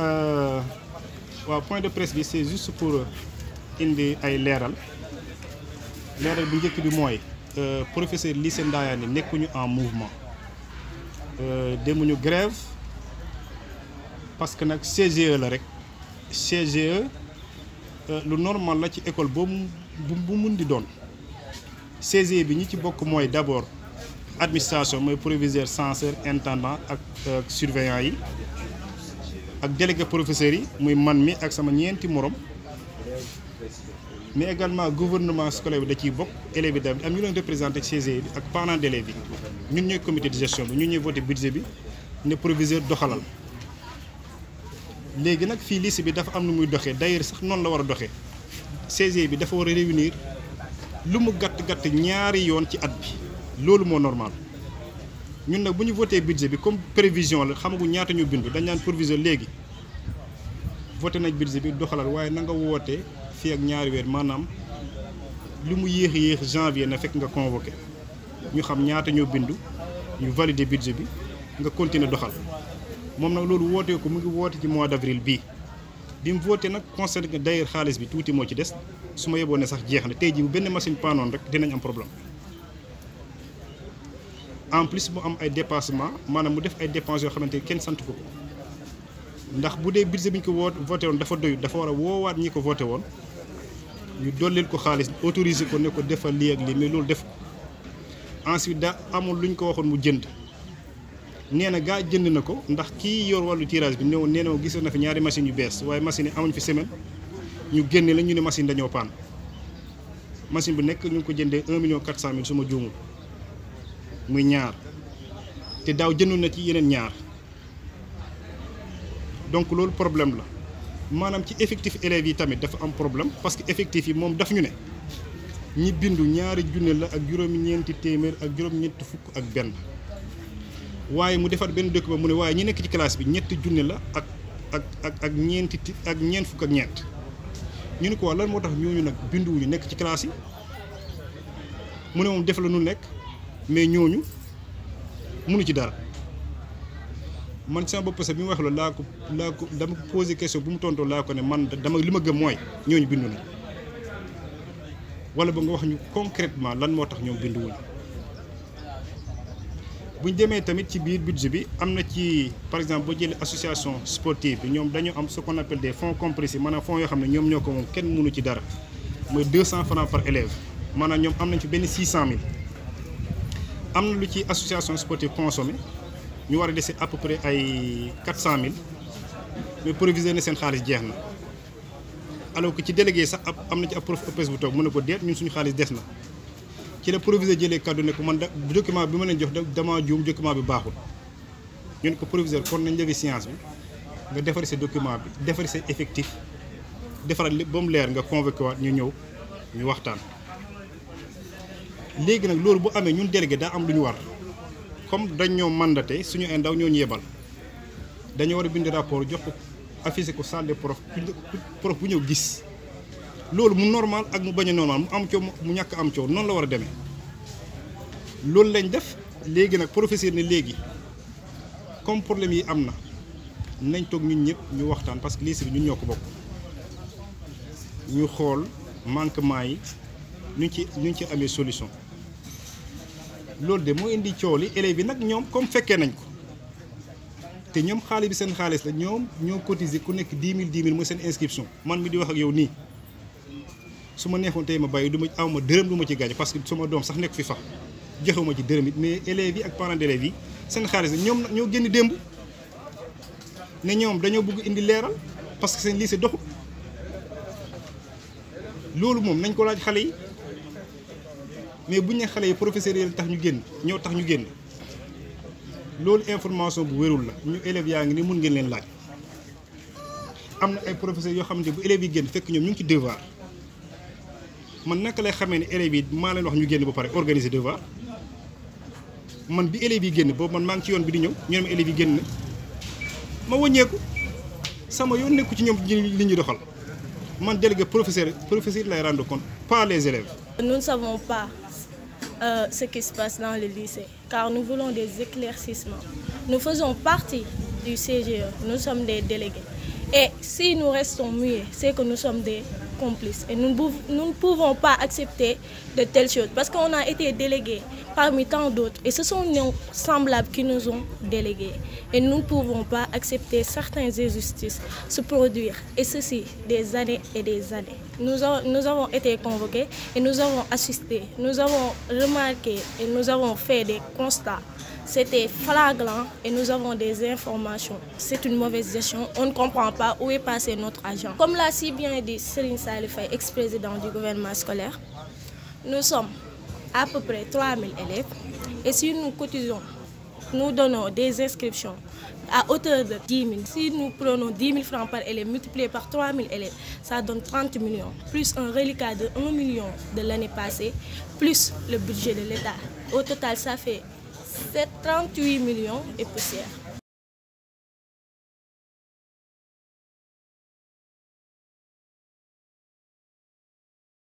Euh, waaw point de presse bi c'est juste pour indi ay leeral leeral bi njëkk bi mooy euh, professeur lycée Ndayane nekkuñu en mouvement euh, demuñu grève parce que nag CGE la rek CGE lu normal la ci école boobu bu mun di doon CGE bi ñu ci bokk mooy d'abord administration mooy proviseur censeur intendant ak surveillant yi ak délégué professeurs yi muy man mi ak sama ñeenti morom mais également gouvernement scolaire bi da ciy bokk élèves yi tamit am ñu leen représenté ak CGE bi ak parents d'élèves yi ñun ñooy comité de gestion bi ñun ñooy voté budget bi ne proviseur doxalal léegi nag fii lycée bi dafa am lu muy doxee d'ailleurs sax noonu la war a doxe CGE bi dafa war a réunir lu mu gàtt gàtt ñaari yoon ci at bi loolu moo normal ñun nag bu ñu voté budget bi comme prévision la xamagu ñaata ñu bindu dañ naan provision léegi voté nañ budget bi doxalal waaye na nga woote fii ak ñaari weer maanaam li mu yéex yéex janvier na fekk nga convoqué ñu xam ñaata ñoo bindu ñu validé budget bi nga continuer doxal moom nag loolu wootee ko mu ngi woote ci mois d' avril bii bi mu voté nag concerne d'ailleurs xaalis bi tuuti moo ci des su ma yeboo ne sax jeex na tey ji bu benn machine paanoon rek dinañ problème en plus mu am ay dépassement maanaam mu def ay dépenses yoo xamante ni kenn sant ko ndax bu dee budget bi ñu ko woo voté woon dafa doyut dafa war a woowaat ñi ko voté woon ñu dollil ko xaalis autorisé ko ne ko defal lii ak lii mais loolu def ko ensuite daa amul lu ñu ko waxoon mu jënd nee na gaa jënd na ko ndax kii yor wàllu tirage bi néew nee na gisoon na fi ñaari machines yu bees waaye machine yi amuñ fi semaine ñu génne la ñu ne machine dañoo paan machine bu nekk ñu ngi ko jëndee 1 million 400 mille su ma muy ñaar te daaw jëndoon na ci yeneen ñaar donc loolu problème la maanaam ci effectif élèves yi tamit dafa am problème parce que effectif yi moom daf ñu ne ñi bindu ñaari junne la ak juróomi ñeenti téeméer ak juróom fukk ak benn waaye mu defar benn dëkk ba mu ne waaye ñi nekk ci classe bi ñetti junne la ak ak ak ak ñeenti ak ñeent fukk ak ñeent ñu ne ko lan moo tax ñooñu nag binduwuñu nekk ci classe yi mu ne moom def la nu nekk. mais ñooñu mënu ci dara man sama bopp sax bi mu wax la laa ko laa ko dama ko posé question bu mu tontoo laa ko ne man dama li ma gëm mooy ñooñu bindu na wala ba nga wax ñu concrètement lan moo tax ñoom binduwuñ buñ demee tamit ci biir budget bi am na ci par exemple boo jëlee association sportive bi ñoom dañu am ce qu'on appelle des fonds compressés maanaam fonds yoo xam ne ñoom ñoo ko moom kenn mënu ci dara mooy 200 francs par élève maanaam ñoom am nañ fi benn 600000. am na lu ci association sportive consommé ñu war a dese à peu ay quatre cent mille mais provisionné ne seen xaalis jeex na alors que ci délégué sax ab am na ci ab prof EPS bu toog mu ne ko deet ñun suñu xaalis des na ci la proviseur jëlee kàddu ne ko man da document bi ma leen jox dama juum document bi baaxul ñu ne ko proviseur kon nañ levé science bi nga defar sa document bi defar see effectif defaraat lépp ba mu leer nga convoqué waat ñu ñëw ñu waxtaan léegi nag loolu bu amee ñun délégué daa am lu ñu war comme dañ ñoo mandaté suñu ay ndaw ñoo ñu yebal dañoo war a bind rapport jox ko affiché ko salle des prof prof bu ñëw gis loolu mu normal ak mu bañ a normal mu am coow mu ñàkk am coow noonu la war a demee loolu lañ def léegi nag professeur ni léegi comme problème yi am na nañ toog ñun ñëpp ñu waxtaan parce que lycée bi ñun ñoo ko bokk ñu xool manquement yi ñu ci ñu ci amee solution loolu de moo indi coow li élèves yi nag ñoom comme fekkee nañ ko te ñoom xaalis bi seen xaalis la ñoom ñoo cotiser ku nekk 10 000 10 000 mooy seen inscription man mi di wax ak yow nii su ma neexoon tey ma bàyyi duma ma aw ma dërëm du ci gaañ parce que sama doom sax nekk fi fa joxewu ma ci dërëm it mais élèves yi ak parents d'élèves yi seen xaalis la ñoom ñoo génn démb ne ñoom dañoo bëgg indi leeral parce que seen si doxul loolu moom nañ ko laaj xale yi. mais bu ñu ne xale yi professeurs yi tax ñu génn ñëw tax ñu génn loolu information bu wérul la ñu élèves yaa ngi ni mun ngeen leen laaj am na ay professeurs yoo xamante bu élèves yi génn fekk ñoom ñu ngi ci devoir man naka lay xamee ne élèves yi maa leen ñu génn ba pare organiser devoir man bi élèves yi génn boobu man maa ngi ci yoon bi di ñëw ñoom élèves yi génn ma wëññeeku sama yoon nekku ci ñoom li ñu doxal man délégué professeur professeur lay rendre compte pas les élèves. euh, ce qui se passe dans le lycée, car nous voulons des éclaircissements. Nous faisons partie du CGE, nous sommes des délégués. Et si nous restons muets, c'est que nous sommes des complices et nous, nous ne pouvons pas accepter de telles choses parce qu'on a été délégués parmi tant d'autres et ce sont nos semblables qui nous ont délégués et nous ne pouvons pas accepter certaines injustices se produire et ceci des années et des années. Nous, a, nous avons été convoqués et nous avons assisté, nous avons remarqué et nous avons fait des constats. C'était flagrant et nous avons des informations. C'est une mauvaise gestion. On ne comprend pas où est passé notre agent. Comme l'a si bien dit Serine Salifay, ex-président du gouvernement scolaire, nous sommes à peu près 3000 élèves. Et si nous cotisons, nous donnons des inscriptions à hauteur de 10 000. Si nous prenons 10 000 francs par élève multiplié par 3 000 élèves, ça donne 30 plus un reliquat de 1 million de l'année passée, plus le budget de l'État. Au total, ça c'est 38 millions et poussière.